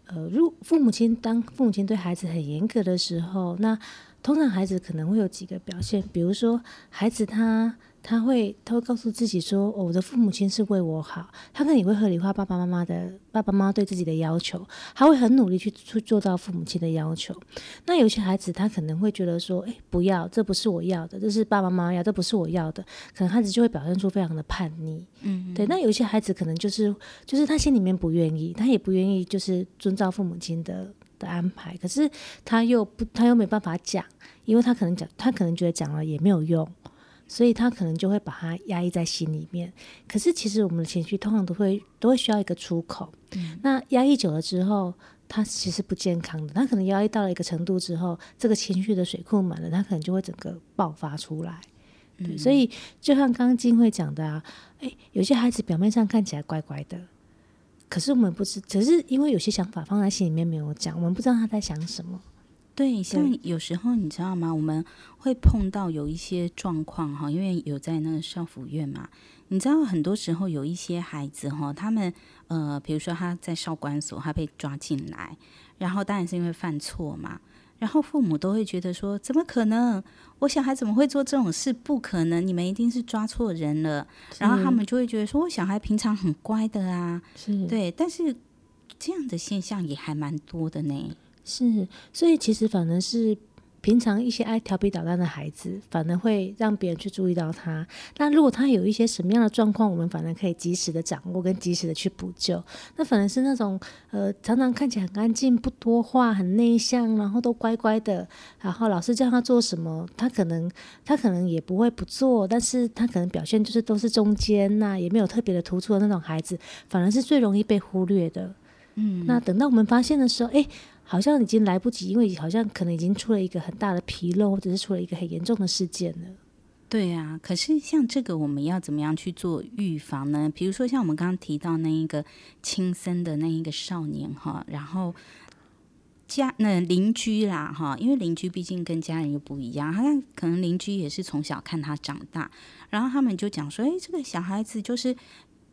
呃，如父母親當父母親對孩子很嚴格的時候，那。通常孩子可能會有幾個表現，比如說孩子他他會他會告訴自己說，哦，我的父母親是為我好，他可能也會合理化爸爸媽媽的爸爸媽媽對自己的要求，他會很努力去去做到父母親的要求。那有些孩子他可能會覺得說，哎，不要，這不是我要的，這是爸爸媽媽要，這不是我要的，可能孩子就會表現出非常的叛逆。嗯，嗯，對。那有些孩子可能就是就是他心裡面不願意，他也不願意就是遵照父母親的。的安排，可是他又不，他又沒辦法講，因為他可能講，他可能覺得講了也沒有用，所以他可能就會把它壓抑在心裡面。可是其實我們的情緒通常都會都會需要一個出口。嗯、那壓抑久了之後，他其實不健康的。他可能壓抑到了一個程度之後，這個情緒的水庫滿了，他可能就會整個爆發出來。嗯、所以就像剛剛靜慧講的、啊，誒、欸，有些孩子表面上看起來乖乖的。可是我們不知，只是因為有些想法放在心裡面沒有講，我們不知道他在想什麼。對。對，像有時候你知道嗎？我們會碰到，有一些狀況哈，因為有在那個少輔院嘛，你知道很多時候有一些孩子哈，他們呃，比如說他在少觀所，他被抓進來，然後當然是因為犯錯嘛。然後父母都會覺得說：“怎麼可能？我小孩怎麼會做這種事？不可能！你們一定是抓錯人了。”然後他們就會覺得說：“我小孩平常很乖的啊，對。”但是這樣的現象也還蠻多的呢。是，所以其實反正是。平常一些愛調皮搗蛋的孩子，反而會讓別人去注意到他。那如果他有一些什麼樣的狀況，我們反而可以及時的掌握跟及時的去補救。那反而是那種呃常常看起來很安靜、不多話、很內向，然後都乖乖的，然後老師叫他做什麼，他可能他可能也不會不做，但是他可能表現就是都是中間那，也沒有特別的突出的那種孩子，反而是最容易被忽略的。嗯，那等到我們發現的時候，誒。好像已經來不及，因為好像可能已經出了一個很大的紕漏，或者是出了一個很嚴重的事件了。對啊，可是像這個，我們要怎麼樣去做預防呢？比如說像我們剛剛提到那一個輕生的那一個少年哈，然後家那、呃、鄰居啦哈，因為鄰居畢竟跟家人又不一樣，好像可能鄰居也是從小看他長大，然後他們就講說：“誒、欸，這個小孩子就是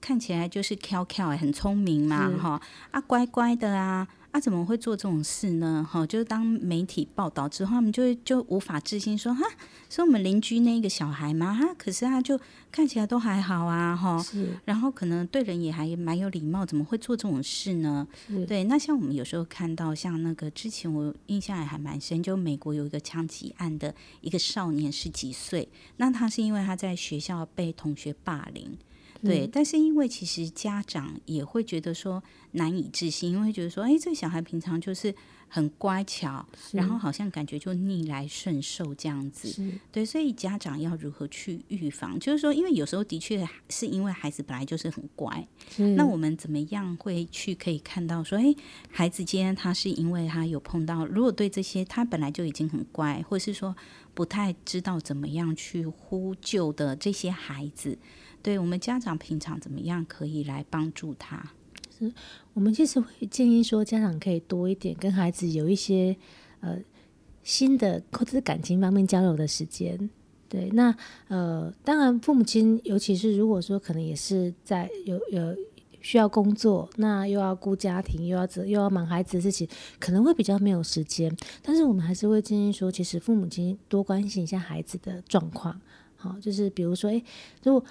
看起來就是 Q Q 哎，很聰明嘛哈，啊乖乖的啊。”他怎麼會做這種事呢？哈，就是當媒體報道之後，他們就就無法置信說，說哈，說我們鄰居那個小孩嘛，哈，可是他就看起來都還好啊，哈，是。然後可能對人也還蠻有禮貌，怎麼會做這種事呢？對。那像我們有時候看到，像那個之前我印象也還蠻深，就美國有一個槍擊案的一個少年是幾歲？那他是因為他在學校被同學霸凌。對，但是因為其實家長也會覺得說難以置信，因為覺得說，哎，這個小孩平常就是很乖巧，然後好像感覺就逆來順受這樣子。是，對，所以家長要如何去預防？就是說，因為有時候的確是因為孩子本來就是很乖，那我們怎麼樣會去可以看到說，誒，孩子今天他是因為他有碰到，如果對這些他本來就已經很乖，或是說不太知道怎麼樣去呼救的這些孩子，對，我們家長平常怎麼樣可以來幫助他？是我們其實會建議說，家長可以多一點跟孩子有一些呃新的或者是感情方面交流的時間。對，那呃，當然父母親，尤其是如果說可能也是在有有需要工作，那又要顧家庭，又要又要忙孩子的事情，可能會比較沒有時間。但是我們還是會建議說，其實父母親多關心一下孩子的狀況。好、哦，就是比如說，誒，如果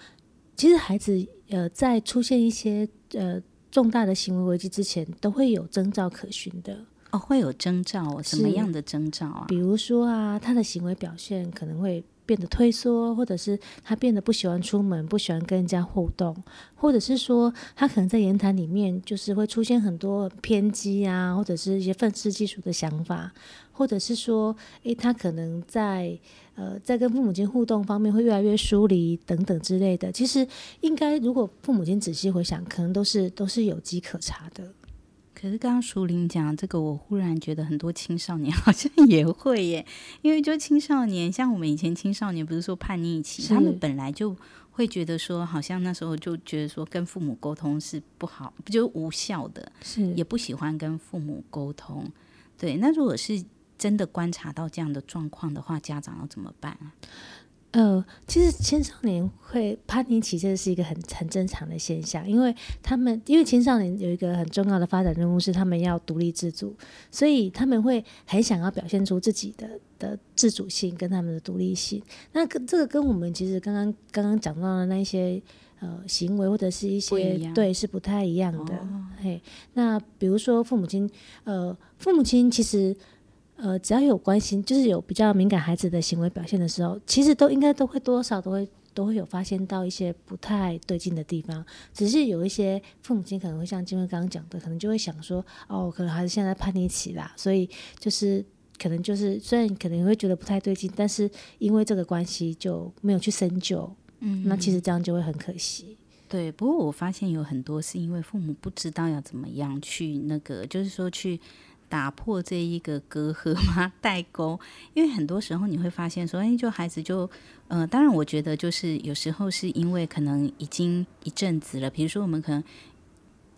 其實孩子，呃，在出現一些呃重大的行為危機之前，都會有徵兆可循的。哦，會有徵兆哦，什麼樣的徵兆啊？比如說啊，他的行為表現可能會變得退縮，或者是他變得不喜歡出門，不喜歡跟人家互動，或者是說他可能在言談裡面就是會出現很多偏激啊，或者是一些憤世嫉俗的想法，或者是說，誒，他可能在。呃，在跟父母親互動方面會越來越疏離等等之類的，其實應該如果父母親仔細回想，可能都是都是有跡可查的。可是剛剛淑鈴講這個，我忽然覺得很多青少年好像也會耶，因為就青少年，像我們以前青少年不是說叛逆期，他們本來就會覺得說，好像那時候就覺得說跟父母溝通是不好，不就無效的，是也不喜歡跟父母溝通。對，那如果是。真的觀察到這樣的狀況的話，家長要怎麼辦？呃，其實青少年會叛逆，其實是一個很很正常的現象，因為他們因為青少年有一個很重要的發展任務是他們要獨立自主，所以他們會很想要表現出自己的的自主性跟他們的獨立性。那跟、個、這個跟我們其實剛剛剛剛講到的那些呃行為或者是一些一對是不太一樣的，哦。嘿，那比如說父母親呃父母親其實。呃，只要有關心，就是有比較敏感孩子的行為表現的時候，其實都應該都會多少都會都會有發現到一些不太對勁的地方。只是有一些父母親可能會像靜慧剛剛講的，可能就會想說，哦，可能孩子現在，在叛逆期啦，所以就是可能就是雖然可能會覺得不太對勁，但是因為這個關係就沒有去深究。嗯，那其實這樣就會很可惜。對，不過我發現有很多是因為父母不知道要怎麼樣去那個，就是說去。打破這一個隔閡嗎？代溝，因為很多時候你會發現說，哎，就孩子就，呃，當然我覺得就是有時候是因為可能已經一陣子了，比如說我們可能。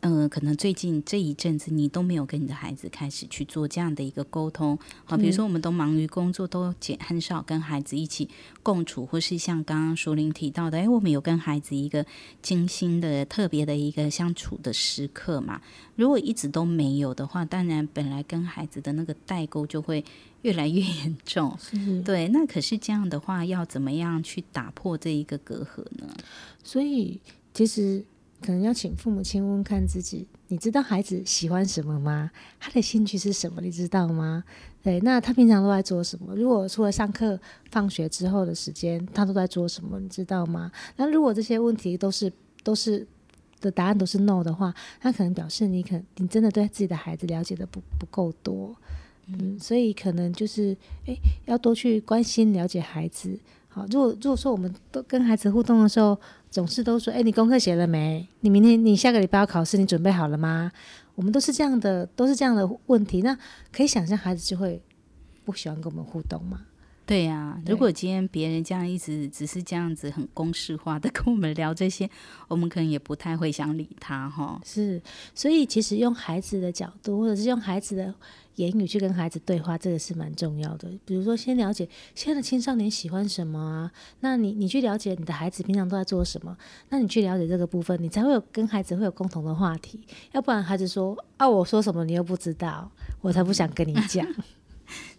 嗯、呃，可能最近這一陣子你都沒有跟你的孩子開始去做這樣的一個溝通，好，比如說我們都忙於工作，都很很少跟孩子一起共處，或是像剛剛淑鈴提到的，哎、欸，我們有跟孩子一個精心的、特別的一個相處的時刻嘛？如果一直都沒有的話，當然本來跟孩子的那個代溝就會越來越嚴重。對，那可是這樣的話，要怎麼樣去打破這一個隔閡呢？所以其實。可能要請父母親問,問看自己，你知道孩子喜歡什麼嗎？他的興趣是什麼？你知道嗎？對，那他平常都在做什麼？如果除了上課、放學之後的時間，他都在做什麼？你知道嗎？那如果這些問題都是都是的答案都是 no 的話，那可能表示你可你真的對自己的孩子了解的不不夠多嗯。嗯，所以可能就是誒，要多去關心了解孩子。好，如果如果說我們都跟孩子互動的時候。總是都說，哎，欸，你功課寫了沒？你明天你下個禮拜要考試，你準備好了嗎？我們都是這樣的，都是這樣的問題。那可以想象，孩子就會不喜歡跟我們互動嗎？對呀、啊，如果今天別人這樣一直只是這樣子很公式化的跟我們聊這些，我們可能也不太會想理他哈、哦。是，所以其實用孩子的角度，或者是用孩子的言語去跟孩子對話，這個是蠻重要的。比如說，先了解現在的青少年喜歡什麼啊？那你你去了解你的孩子平常都在做什麼？那你去了解這個部分，你才會有跟孩子會有共同的話題。要不然孩子說啊，我說什麼你又不知道，我才不想跟你講。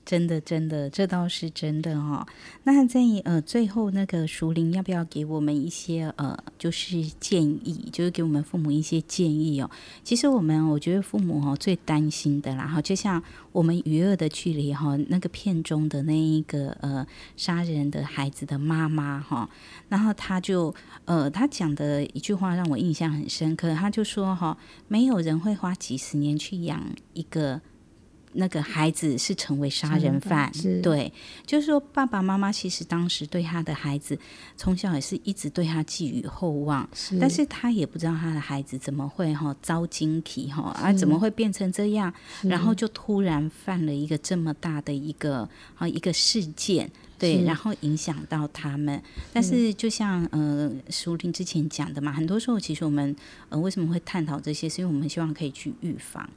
真的，真的，這倒是真的哈、哦。那在呃，最後那個淑鈴，要不要給我們一些呃，就是建議，就是給我們父母一些建議哦。其實我們，我覺得父母哈最擔心的啦哈，就像我們《與惡的距離》哈那個片中的那一個呃殺人的孩子的媽媽哈，然後他就呃他講的一句話讓我印象很深刻，他就說哈，沒有人會花幾十年去養一個。那個孩子是成為殺人，人犯，對，就是說爸爸媽媽其實當時對他的孩子從小也是一直對他寄予厚望，但是他也不知道他的孩子怎麼會哈遭驚奇哈，啊怎麼會變成這樣，然後就突然犯了一個這麼大的一個啊一個事件。對，然後影響到他們。是，但是就像嗯，淑、呃、鈴之前講的嘛，很多時候其實我們呃為什麼會探討這些，是因為我們希望可以去預防。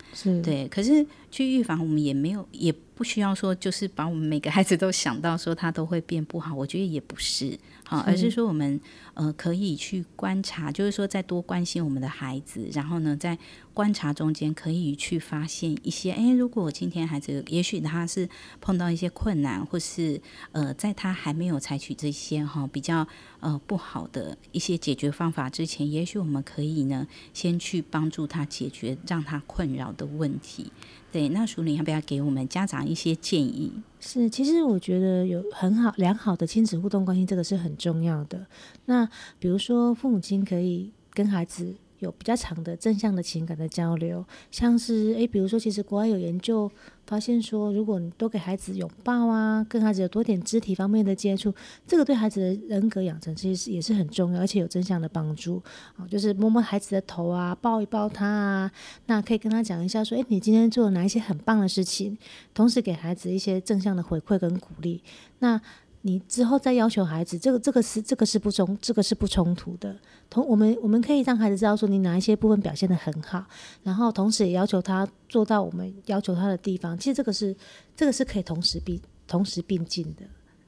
對。可是去預防，我們也沒有，也不需要說就是把我們每個孩子都想到說他都會變不好，我覺得也不是好，啊，而是說我們。呃，可以去觀察，就是說，再多關心我們的孩子，然後呢，在觀察中間可以去發現一些，哎，如果我今天孩子，也許他是碰到一些困難，或是呃，在他還沒有採取這些哈、哦、比較呃不好的一些解決方法之前，也許我們可以呢，先去幫助他解決讓他困擾的問題。對，那淑鈴要不要給我們家長一些建議？是，其實我覺得有很好良好的親子互動關係，這個是很重要的。那那比如說，父母親可以跟孩子有比較長的正向的情感的交流，像是誒，比如說，其實國外有研究發現說，如果你多給孩子擁抱啊，跟孩子有多點肢體方面的接觸，這個對孩子的人格養成其實也是很重要，而且有正向的幫助啊，就是摸摸孩子的頭啊，抱一抱他啊，那可以跟他講一下說，誒，你今天做了哪一些很棒的事情，同時給孩子一些正向的回饋跟鼓勵，那你之後再要求孩子，這個這個是這個是不衝這個是不衝突的。同我們我們可以讓孩子知道說你哪一些部分表現得很好，然後同時也要求他做到我們要求他的地方。其實這個是這個是可以同時並同時並進的。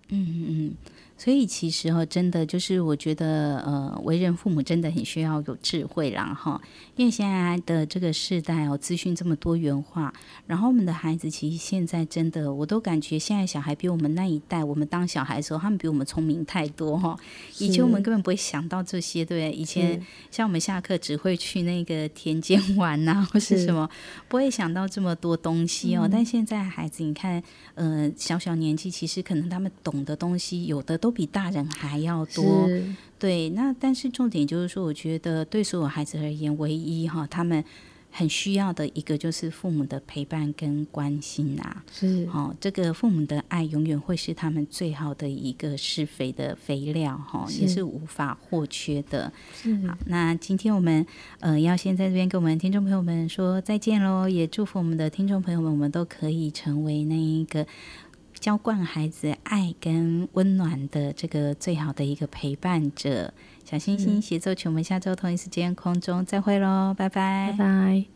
嗯嗯嗯。所以其實哦，真的就是我覺得，呃，為人父母真的很需要有智慧啦哈。因為現在的這個世代哦，資訊這麼多元化，然後我們的孩子其實現在真的，我都感覺現在小孩比我們那一代，我們當小孩的時候，他們比我們聰明太多哈、哦。以前我們根本不會想到這些，對，對。以前像我們下課只會去那個田間玩吶、啊，或是什麼是，不會想到這麼多東西哦。嗯、但現在孩子，你看，呃，小小年紀，其實可能他們懂的東西有的。都比大人還要多，對。那但是重點就是說，我覺得對所有孩子而言，唯一哈，他們很需要的一個就是父母的陪伴跟關心吶、啊。是。哦，這個父母的愛永遠會是他們最好的一個施肥的肥料哈，也是無法或缺的。是是，好，那今天我們呃要先在這邊跟我們聽眾朋友們說再見嘍，也祝福我們的聽眾朋友們，我們都可以成為那一個。澆灌孩子愛跟溫暖的這個最好的一個陪伴者，小星星協奏曲，嗯，我們下周同一時間空中再會嘍，拜拜。Bye bye